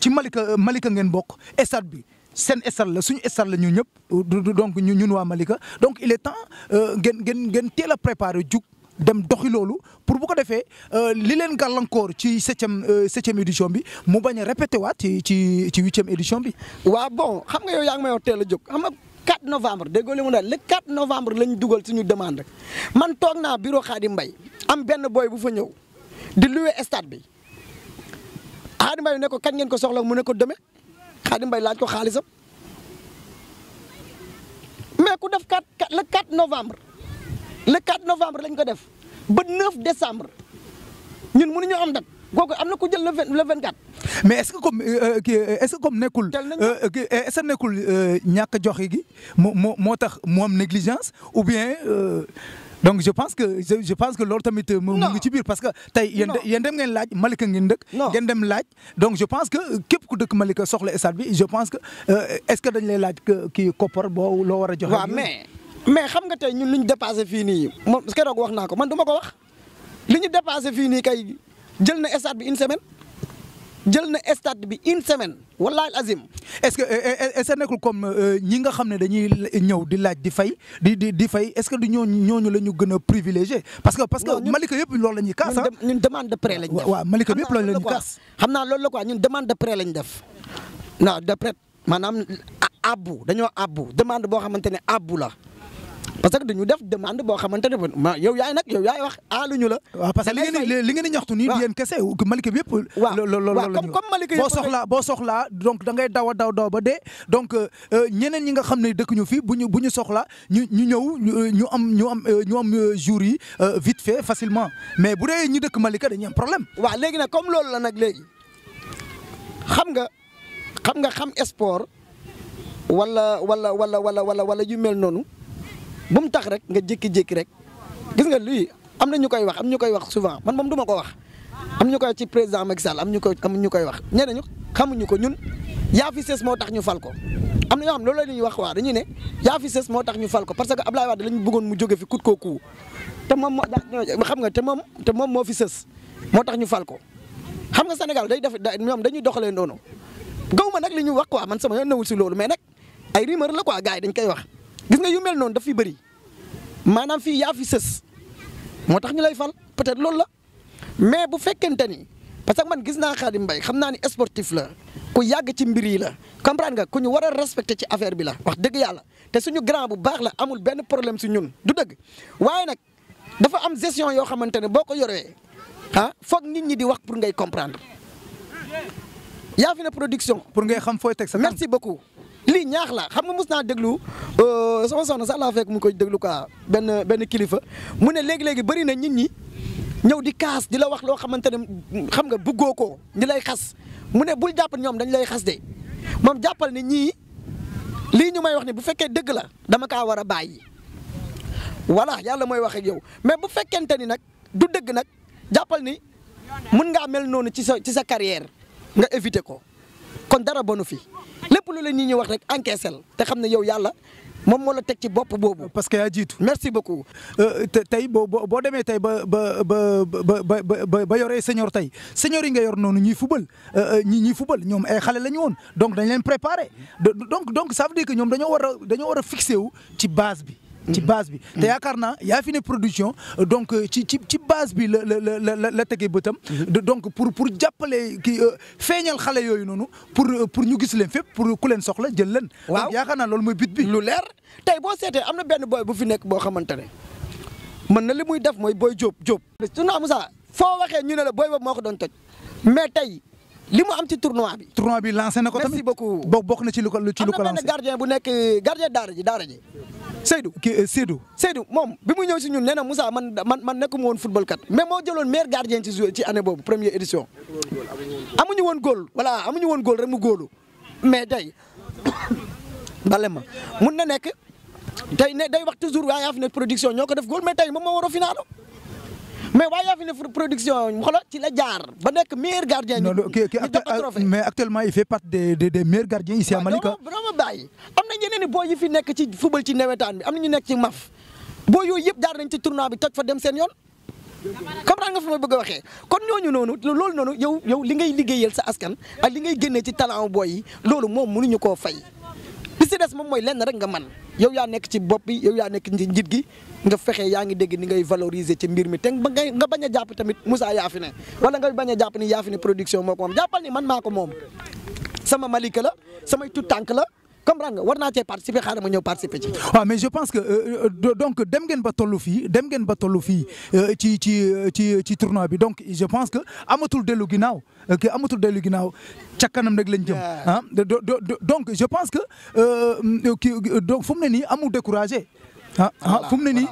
ci Malika Malika ngeen bokk stade bi. seen stade la suñu stade la ñu ñëpp donc ñu ñun waa Malika donc il est temps ngeen ngeen ngeen teel a préparer jug. dem doxi loolu pour bu ko defee euh, li leen gàllankoor ci septième euh, septième édition bi mu bañ a répété waat ci ci ci huitième édition bi. waa bon xam nga yooyu yaa ma may wax teel a jóg xam nga 4 novembre déggoo li mu daal le 4 novembre lañ dugal ñu demande man toog naa bureau Khadim mbay am benn boy bu fa ñëw di loué stade bi Khadim Mbaye ne ko kañ ngeen ko soxla mu ne ko demee Khadim Mbaye laaj ko xaalisam mais ku def 4 le 4 novembre. le 4 novembre lañ ko def ba 9 décembre ñun mënuñoo am date kooku am na ku jël le vingt le vingt quatre mais est ce que comme euh, euh, euh, est ce que comme nekkul. est ce que nekkul ñàkk a joxe gi moo moo moo tax mu am négligence ou bien donc je pense que je pense que loolu tamit. mu ngi ci biir parce que. tey yéen yéen dem ngeen laaj Malika ngeen dëkk. ngeen dem laaj donc je pense que képp ku dëkk Malika soxla stade bi je pense que est ce que dañ lay laaj kii koppar boo loo war a joxe. waaw mais. mais xam nga tey ñun lu ñu dépassé fii nii wax naa ko man du ko wax li ñu dépassé fii nii kay jël na stade bi une semaine jël na stade bi une semaine la azim. est-ce que euh, euh, est-ce que nekkul euh, ñi nga xam ne dañuy ñëw di laaj di fay di di di fay est-ce que du ñooñu ñooñu la ñu gën a privilégié. parce que parce que Malika yëpp loolu la ñuy kaas ah. ñun demande de prêt lañ def waaw Malika yëpp loolu la ñuy kaas. xam naa loolu la quoi ñun demande de prêt lañ def non de prêt maanaam abbu dañoo abbu demande boo xamante ne abbu la. parce que dañu def demande boo xamante ne ma yow yaay nag yow yaay wax aaluñu la. waaw parce que li ngeen di li ngeen di ñaxtu nii. waaw yéen kese Malika bi yëpp. waaw waaw comme boo soxlaa donc da ngay daw a daw daw ba dee. donc euh, euh, ñeneen ñi nga xam ne dëkk ñu fi bu ñu bu ñu soxla ñu ñu ñëw ñu am euh, ñu am ñu am yi vite fait facilement mais bu dee ñu dëkk Malika dañuy am problème. waaw léegi nag comme loolu la nag léegi xam nga xam nga xam sport wala wala wala wala wala yu noonu. bu mu tax rek nga jékki-jékki rek gis nga luy am na ñu koy wax am ñu koy wax souvent man moom du ma ko wax am ñu koy ci président Macky Sall am ñu koy am ñu koy wax ñeneen xamuñu ko ñun yaa fi moo tax ñu fal ko am na ñoo xam loolu la ñuy wax waa dañuy ne yaa fi sës moo tax ñu fal ko parce que Abdoulaye Wade lañ bëggoon mu jóge fi kut kooku te moom moo xam nga te moom te moom moo fi sës moo tax ñu fal ko xam nga Sénégal day def ñoom dañuy doxalee noonu gaw ma nag li ñu wax quoi man sama yoon newul si loolu mais nag ay rumeur la ko gars yi dañ koy wax gis nga yu mel noonu daf fi bëri maanaam fii yaa fi sës moo tax ñu lay fal peut-être loolu la mais bu fekkente ni parce que man gis naa Khadim mbay xam naa ni sportif la ku yàgg ci mbir yi la comprendre nga ku ñu war a respecté ci affaire bi la wax dëgg yàlla te suñu grand bu baax la amul benn problème si ñun du dëgg waaye nag dafa am gestion yoo xamante ne boo ko yoree ah foog nit ñi di wax pour ngay comprendre yaa fi na production. pour ngay xam fooy teg sa merci beaucoup. lii ñaax la xam nga mos naa déglu euh, sama soxna sax laa fekk mu koy déglu quoi benn benn kilifa mu ne léegi-léegi bari na nit ñi ñëw di kaas di la wax loo xamante ne xam nga buggoo ko di lay xas mu ne bul jàpp ñoom dañ lay xas moom jàppal ne ñii lii ñu may wax ne bu fekkee dëgg la dama ka war a bàyyi voilà yàlla mooy waxee ak yow mais bu fekkente ni nag du dëgg nag jàppal ni mën ngaa mel noonu ci sa ci sa carrière nga éviter ko kon dara bonu fi lépp lu la nit ñi wax rek encaissé te xam na yow yàlla moom moo la teg ci bopp boobu. parce que yaa jiitu merci beaucoup. Euh, te tey boo boo demee tey ba ba ba ba ba ba yoree senior tey senior yi nga yor noonu ñuy fubal euh, euh, ñi ñuy fubal ñoom ay xale la ñu woon donc dañ leen préparé donc donc ça veut dire que ñoom dañoo war a dañoo war a fixé wu ci base bi. ci mhm. base bi te mhm. yaakaar na yaa fi ne production donc euh, ci ci ci base bi la la la la la tegee bëtam mhm. donc pour pour jàppale kii euh, feeñal xale yooyu noonu pour euh, pour ñu gis leen fépp pour ku leen soxla jël leen. waaw yaakaar naa loolu mooy bit bi. lu leer tey boo seete am na benn boy bu fi nekk boo xamante ne mën na li muy def mooy booy Diop Diop. su ñu Moussa foo waxee ñu ne la booy boobu moo ko doon toj mais tey. li mu am ci tournoi bi. tournoi bi lancé na ko tamit merci beaucoup bokk na ci lu ko ci lu ko lancé gardien bu nekk gardien daara ji daara ji Seydou. kii euh, Seydou. moom bi mu ñëw si ñun nee na Moussa man man man nekkuma woon football kat mais moo jëloon meilleur gardien ci ci année boobu première édition. amuñu woon góol voilà amuñu woon gool rek mu góolu mais day [COUGHS] bale ma mun na nekk tey ne day wax toujours waa yaa fi production ñoo def góol mais tey moom moo woro a mais waaye yaa fi ne production xoolal ci la jaar ba nekk meilleur gardien. ñu ñu mais actuellement il fait partie des des des meilleurs gardiens ici à Malika. waaw am na ñeneen i boo fi nekk ci football ci nawetaan bi am na ñu nekk ci maf boo yooyu jaar nañ ci tournoi toj fa dem seen yoon. comprendre nga fi ma bëgg a waxee kon ñooñu noonu loolu noonu yow yow li ngay liggéeyal sa askan ak li ngay génnee ci talent booy yi loolu moom mënuñu koo fay. si des moom mooy lenn rek nga man yow yaa nekk ci bopp bi yow yaa nekk ci njit gi nga fexe yaa ngi dégg ni ngay valoriser ci mbir mi te nga bañ a jàpp tamit Moussa yaa fi ne wala nga bañ a jàpp ni yaa fi ne production moo ko moom jàppal ni man maa ko moom sama malika la samay tuttànk la comprendre nga war naa cee participer xaaral ma ñëw participer ci. waaw ah, mais je pense que euh, euh, donc dem ngeen ba tollu fii dem ngeen ba tollu fii euh, ci ci ci ci tournoi bi donc je pense que amatul dellu ginnaaw que amatul dellu ginnaaw ca kanam rek lañ jëm. ah donc je pense que kii donc fu mu ne nii amul découragé. ah ah fu ne nii.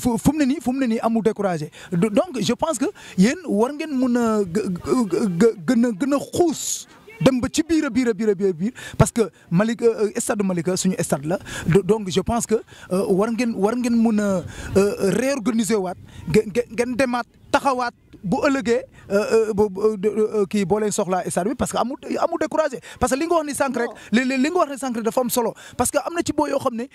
fu mu ne nii fu mu nii amul découragé donc je pense que yéen war ngeen mën a gë gën a gën dem ba ci biir a biir a biir a biir parce que Malika euh, stade Malika suñu stade la donc je pense que euh, war ngeen war ngeen mun a euh, réorganiser waat ngeen demaat taxawaat bu ëllëgee kii boo leen soxlaa stade bi parce que amul amul découragé parce que li nga wax ni sànq rek. li li nga wax ni sànq rek dafa solo parce que am na ci boo yoo xam ne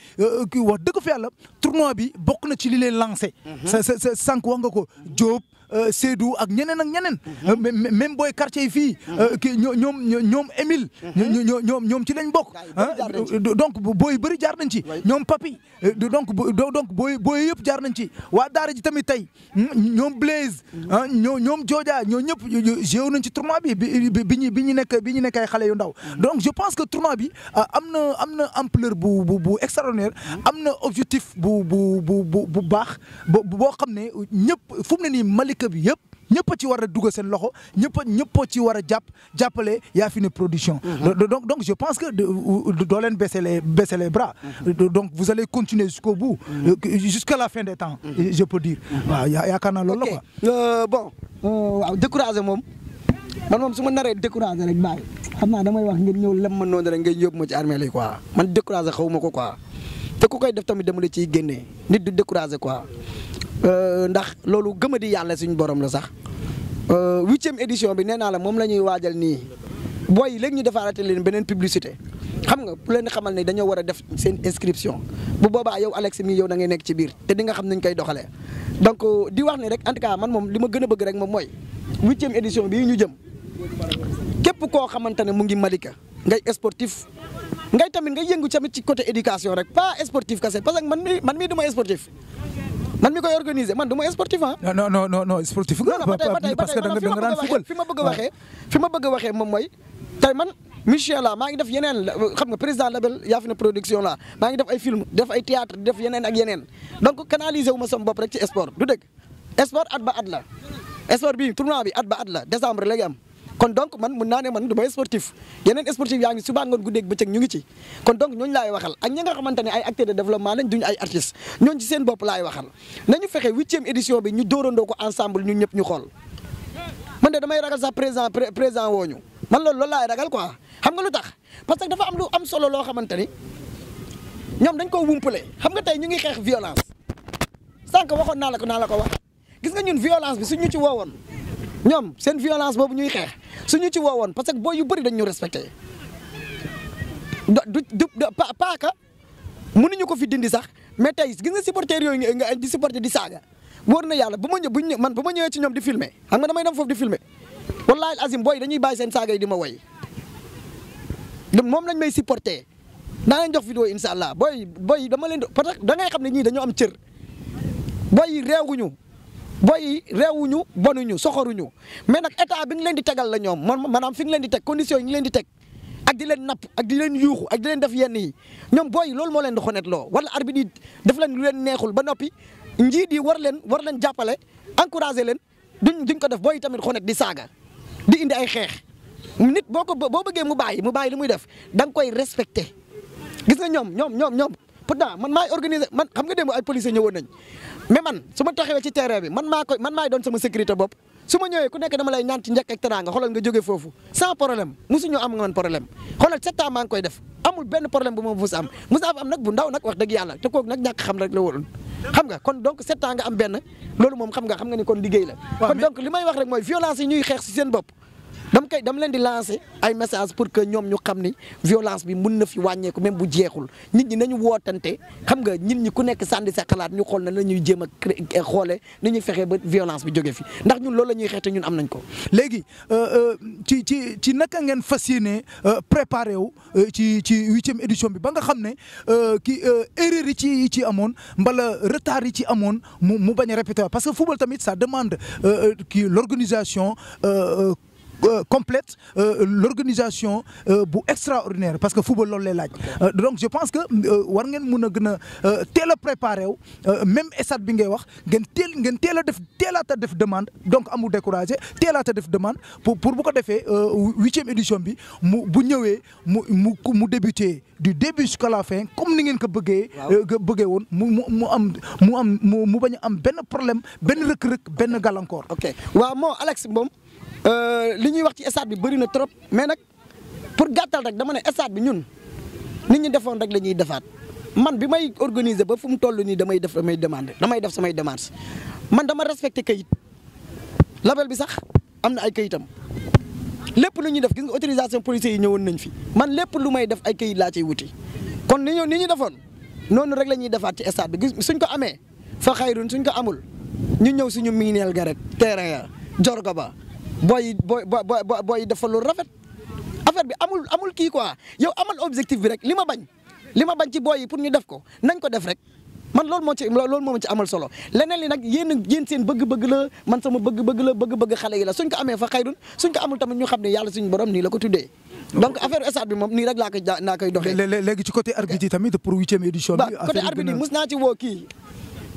kii wax dëgg fa yàlla tournoi bi bokk na ci li leen lancé. Mhm. sa sa sànq wax nga ko Diop. Euh, Seydou ak ñeneen ak ñeneen. Euh, même booy quartier yi fii. Euh, kii ñoom ñoom Émile. Mm-hmm. ñoom ñoom ñoom ci lañ bokk. donc booy bëri jaar nañ ci ñoom Papi. Eh, donc donc booy booy yëpp jaar nañ ci waa daara ji tamit tey ñoom Blaise ah ñoo ñoom Jooja ñoo ñëpp géew nañ ci tournoi bi bi bi ñu bi ñu nekk bi ñu nekk ay xale yu ndaw mm. donc je pense que tournoi bi ah, am na am na ampleur bu bu bu extraordinaire mm. am na objectif bu bu bu bu baax boo xam ne ñëpp fu mu ne nii Malika bi yëpp ñëpp ci war a dugal seen loxo ñëpp ñëpp ci war a jàpp jàppale Yafine Production. Mhm. donc donc je pense que doo leen baisser les baisser mhm. donc vous allez continuer jusqu'au bout. Mhm. Euh, jusqu'à la fin des temps. je peux dire. waaw yaakaar naa loolu la quoi. Euh, bon euh, waaw découragé moom man moom su ma naree découragé rek bàyyi xam naa damay wax ngeen ñëw lam ma noonu rek ngeen yóbbu ma ci armée lay quoi man découragé xaw ma ko quoi te ku koy def tamit dama la ciy génnee nit du découragé quoi. Euh, ndax loolu gëmadi yàlla suñu borom la sax euh, huitième édition bi nee naa la moom la ñuy waajal nii booy yi léegi ñu defaarate leen beneen publicité xam nga bu leen xamal ne dañoo war a def seen inscription bu boobaa yow Alex mi yow na ngay nekk ci biir te di nga xam nañ koy doxalee donc euh, di wax ni rek en tout man moom li ma gën a bëgg rek moom mooy huitième édition bii ñu jëm képp koo xamante ne mu ngi Malika ngay sportif ngay tamit ngay yëngu tamit ci côté éducation rek pas sportif kese parce que man mii man mii du ma sportif man mi koy organiser man du ma sportif ah. non non non non sportif nga. parce que da nga daan football fi ma bëgg a waxee fi ma bëgg a waxee moom mooy man. monsieur la maa ngi def yeneen xam nga président label Yafina production la maa ngi def ay film def ay théâtre def yeneen ak yeneen donc canaliser wu ma sama bopp rek ci sport du dëgg sport at ba at la sport bi tournoi bi at ba at la décembre léegi am. kon donc man mun naa ne man du may sportif yeneen sportif yaa ngi subaa ngoon guddeeg bëccëg ñu ngi ci kon donc ñooñ laay waxal ak ñi nga xamante ne ay acteurs de développement lañ duñu ay artistes ñooñu ci seen bopp laay waxal nañu fexe huitième édition bi ñu dóorandoo ko ensemble ñun ñëpp ñu xool man de damay ragal sax président président woo ñu man loolu loolu laay ragal ko xam nga lu tax parce que dafa am lu solo loo xamante ni ñoom dañ ko wumpale xam nga tey ñu ngi xeex violence sànq waxoon naa la ko naa la ko wax gis nga ñun violence bi suñu ci woowoon ñoom seen violence boobu ñuy xeex suñu ci woowoon parce que booy yu bëri dañ ñu respecté du du paaka mënuñu ko fi dindi sax mais tey gis nga supporter yooyu nga di supporter di saaga wóor na yàlla bu ma ñëw bu ñu man bu ma ñëwee ci ñoom di filmer xam nga damay dem foofu di filmer wallaahi azim booy dañuy bàyyi seen saaga yi di ma woy moom lañ may supporter naa leen jox vidéo incha allah booy booy dama leen parce que da ngay xam ne ñii dañoo am cër booy yi réewuñu boy yi réewuñu bonuñu soxoruñu mais nag état bi nga leen di tegal la ñoom man maanaam fi nga leen di teg condition yi nga leen di teg ak di leen napp ak di leen yuuxu ak di leen def yenn yi ñoom booy loolu moo leen di xonet loo wala arbitre yi daf leen lu leen neexul ba noppi njiit yi war leen war leen jàppale encouragé leen duñ duñ ko def booy yi tamit xonet di saaga di indi ay xeex nit boo ko boo bëggee mu bàyyi mu bàyyi li muy def da koy respecté gis nga ñoom ñoom ñoom ñoom pourtant man maay organiser man xam nga démb ay policiers ñëwoon nañ mais man su ma taxawee ci terrain bi man maa koy man maay doon sama sécurité bopp su ma ñëwee ku nekk dama am man problème xoolal sept ans koy def amul benn problème bu ma mos am mos am nag bu ndaw nag wax dëgg yàlla te kooku nag ñàkk xam rek la woon xam nga kon donc sept ans am benn loolu moom xam nga xam nga ni kon liggéey la kon donc li may wax rek mooy violence yi ñuy xeex si seen bopp dama kay dama leen di lancer ay message pour que ñoom ñu xam ni violence bi mun na fi wàññeeku même bu jeexul nit ñi nañu wootante xam nga nit ñi ku nekk sànni sa xalaat ñu xool na la ñuy jéem a eh, xoolee ni ñu fexee ba violence bi jóge fi ndax ñun lool la ñuy xeete ñun am nañ ko. léegi euh, euh, ci ci ci naka ngeen fas yéenee euh, préparé wu ci ci huitième édition bi ba nga xam ne ki erreur yi ci yi ci amoon mbala retard yi ci amoon mu mu bañ a répété parce que football tamit ça demande ki l'organisation. Euh, complète euh, l'organisation euh, bu extraordinaire parce que football loolu lay laaj donc je pense que war ngeen mun a gën a teel a préparé wu même stade bi ngay wax ngeen teel ngeen teel a def teelaata def demande donc amul découragé teelaata def demande pour pour bu ko defee huitième édition bi mu bu ñëwee mu mu mu débuté du début jusqu'à la fin comme ni ngeen ko bëggee. bëggee woon mu mu mu am mu am mu bañ am benn problème benn rëkk-rëkk benn gàllankoor. ok waaw moom Alex moom. Euh, li ñuy wax ci stade bi bëri na trop mais nag pour gàttal rek dama ne stade bi ñun nit ñi defoon rek la ñuy defaat man bi may organiser ba fu mu toll nii damay def damay demande damay def samay démarche man dama respecté kayit label bi sax am na ay kayitam lépp lu ñuy def gis nga autorisation policiers yi ñëwoon nañ fi man lépp lu may def ay kayit laa ciy wuti kon ni ñu ni ñu defoon noonu rek la ñuy defaat ci stade bi gis suñ ko amee fa xayrun suñ ko amul ñu ñëw suñu miineel ga rek terrain ya jorgo booy booy booy booy dafa lu rafet affaire bi amul amul kii quoi yow amal objectif bi rek li ma bañ li ma bañ ci booy yi pour ñu def ko nañ ko def rek man loolu moo ci loolu moo ci amal solo leneen li nag yéen yéen seen bëgg-bëgg la man sama bëgg-bëgg la bëgg-bëgg xale yi la suñ ko amee fa xayrun suñ ko amul tamit ñu xam ne yàlla suñu borom nii la ko tuddee. donc affaire stade bi moom nii rek laa koy naa koy doxee. léegi ci côté arbitre yi tamit pour huitième édition bi. côté arbitre yi mos naa ci woo kii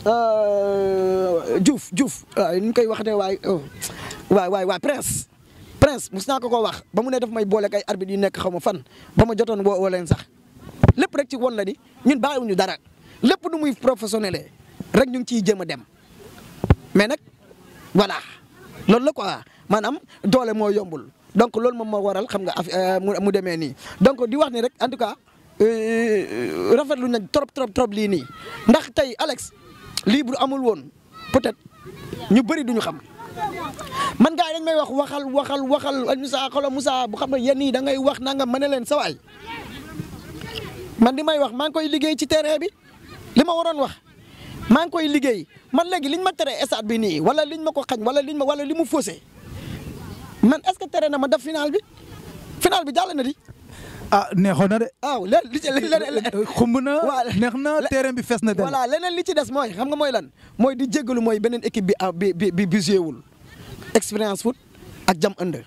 Euh, Diouf Diouf waaw ni ñu koy wax ne waay oh, waay waay waay prince prince mos naa ko ko wax ba mu ne daf may boole ak ay arbitre yu nekk xaw ma fan ba ma jotoon woo leen sax lépp rek ci won la ni ñun bàyyiwuñu dara lépp nu muy professionnel rek ñu ngi ciy jéem a dem mais nag voilà loolu la quoi maanaam doole moo yombul donc loolu moom moo waral xam nga euh, mu demee nii donc di wax ni rek en tout cas euh, rafetlu nañ trop trop trop lii nii ndax tey Alex. lii bu amul woon peut-être ñu bëri duñu xam man gars yi dañ may wax waxal waxal waxal musaa xoolal Moussa bu xam na yenn yi da ngay wax nanga mën a leen saway man di may wax maa ngi koy liggéey ci terrain bi li ma waroon wax maa ngi koy liggéey man léegi liñ ma tere stade bi nii wala liñ ma ko xañ wala liñ ma wala li mu fose man est que tere na ma def final bi final bi jàll na di. ah neexoon na de. waaw léegi li ci leneen. xumb na neex na terrain bi fees na. delloo leneen li ci des mooy xam nga mooy lan mooy di jéggalu mooy beneen équipe bi ah bi bi bi wul expérience foot ak jam ande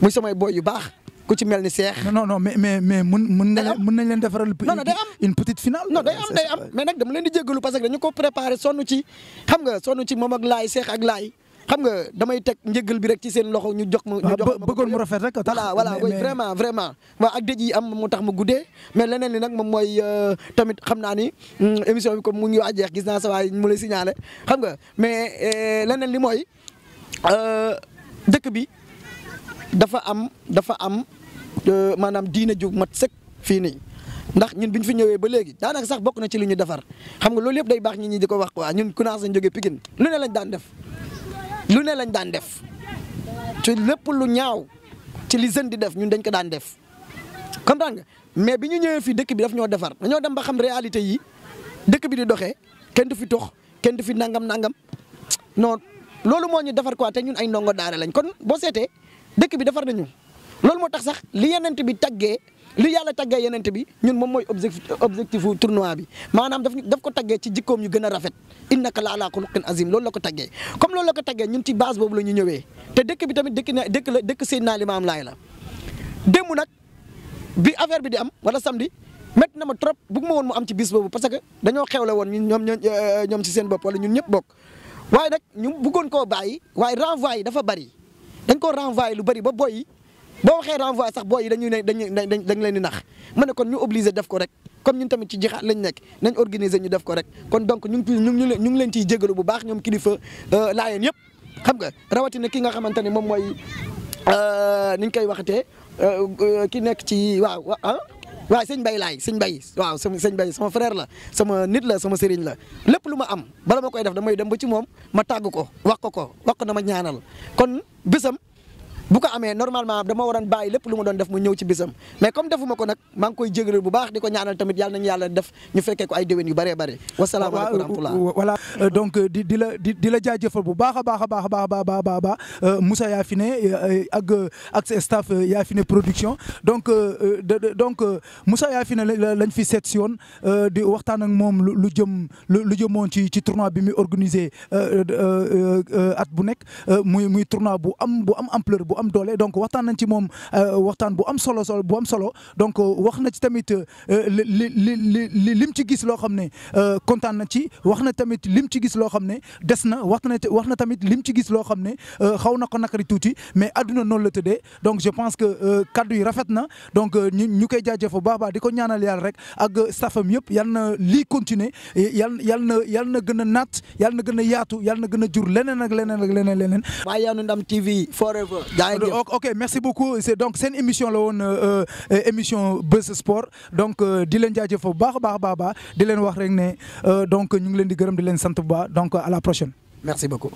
muy samay boy yu baax. ku ci mel ni seex. non non mais mais mais mun mun nañ leen defaral. non non day am une petite finale. non day am day am mais nag mu leen di jéggalu parce que ñu ko préparé sonn ci xam nga sonn ci moom ak laay seex ak laay. xam nga damay teg njëgal bi rek ci seen loxo ñu jox ma ñu ah, jox ma bëggoon mu rafet rek voilà voilà vraiment vraiment waaw a dëj yi am mu tax ma guddee mais leneen li nag moom mooy euh, tamit xam naa ni mm, émission bi comme mu ngi waa jeex gis naa sa waay mu lay signalé xam nga mais euh, leneen li mooy euh, dëkk bi dafa am dafa am maanaam diine ju mat sëkk fii nii ndax ñun bi fi ñëwee ba léegi daanaka sax bokk na ci lu ñu defar xam nga loolu yëpp day baax ñi ñi di ko wax quoi ñun kunaas lañ jógee Pikine lu ne lañ daan def lu ne lañ daan def ci lépp lu ñaaw ci li jeune di def ñun dañ ko daan def comprendre nga mais bi ñu ñëwee fii dëkk bi daf ñoo defar dañoo dem ba xam réalité yi dëkk bi di doxee kenn du fi tox kenn du fi nangam nangam non loolu moo ñu defar quoi te ñun ay ndongo daara lañ kon boo seetee dëkk bi defar nañu loolu moo tax sax li yenent bi taggee lu yàlla taggee yenente bi ñun moom mooy objectif objectif tournoi bi maanaam daf daf ko taggee ci jikkoom yu gën a rafet innaka la ala xuluqin azim loolu la ko taggee comme loolu la ko taggee ñun ci base boobu la ñu ñëwee te dëkk bi tamit dëkk na dëkk la dëkk Seydina Limaam Laay la démb nag bi affaire bi di am wala samedi métti na ma trop bëgg ma woon mu am ci bis boobu parce que dañoo xewle woon ñun ñoom ñoom euh, ci seen bopp wala ñun ñëpp bokk waaye nag ñu bëggoon koo bàyyi waaye renvoi yi dafa bari dañ koo renvoyé lu bari ba boy boo waxee renvoi sax booy yi dañuy ne dañuy dañ leen di nax ma ne kon ñu obligé def ko rek comme ñun tamit ci jixaat lañ nekk nañ organiser ñu def ko rek kon donc ñu ngi ñu ngi ñu ngi leen ciy jégalu bu baax ñoom kilifa euh, laayeen yëpp xam nga rawatina ki nga xamante ne moom mooy euh, niñ koy waxatee euh, ki nekk ci waaw ah sëñ Bay laay sëñ Bay waaw sama sëñ Bay sama frère la sama nit la sama sëriñ la lépp lu ma am bala ma koy def damay dem ba ci moom ma tàgg ko wax ko ko wax na ma ñaanal kon bésam. bu ko amee normalement dama waroon bàyyi lépp lu ma doon def mu ñëw ci bisam mais comme defuma ko nag maa ngi koy jégalu bu baax di ko ñaanal tamit yàlla nañu yàlla def ñu fekkee ko ay déwén yu bëree bëri wasalaamaaleykum rahmatullah voilà euh, donc euh, di di la di di la jaajëfal bu baax a baax a baax a baax a baax euh, ak ak sa staff Yafine production donc donc Moussa Yafine lañ fi seet si woon di waxtaan ak moom lu jëm lu jëmoon ci ci tournoi bi muy organisé at bu nekk muy muy bu am bu am ampleur bu am doole donc waxtaan nañ ci moom euh, waxtaan bu am solo solo bu solo donc euh, wax na ci tamit euh, li li li lim ci gis loo xam ne kontaan na ci wax na tamit lim ci gis loo xam ne des na wax na wax na tamit lim ci gis loo xam ne xaw na ko nakari tuuti mais adduna noonu la tëddee donc je pense que kaddu yi rafet na donc ñu ñu koy jaajëfal baax baax di ko ñaanal yàlla rek ak staffam yëpp yal na lii continuer yal yal na yal na gën a naat yal na gën a yaatu yal na gën a jur leneen ak leneen ak yaanu ndam TV yaa ngi ok merci beaucoup c'est donc seen émission la woon euh, euh, émission Buzz Sport donc euh, di leen jaajëfal bu baax a baax a baax di leen wax rek ne donc ñu ngi leen di gërëm di leen sant bu baax donc à la prochaine. merci beaucoup.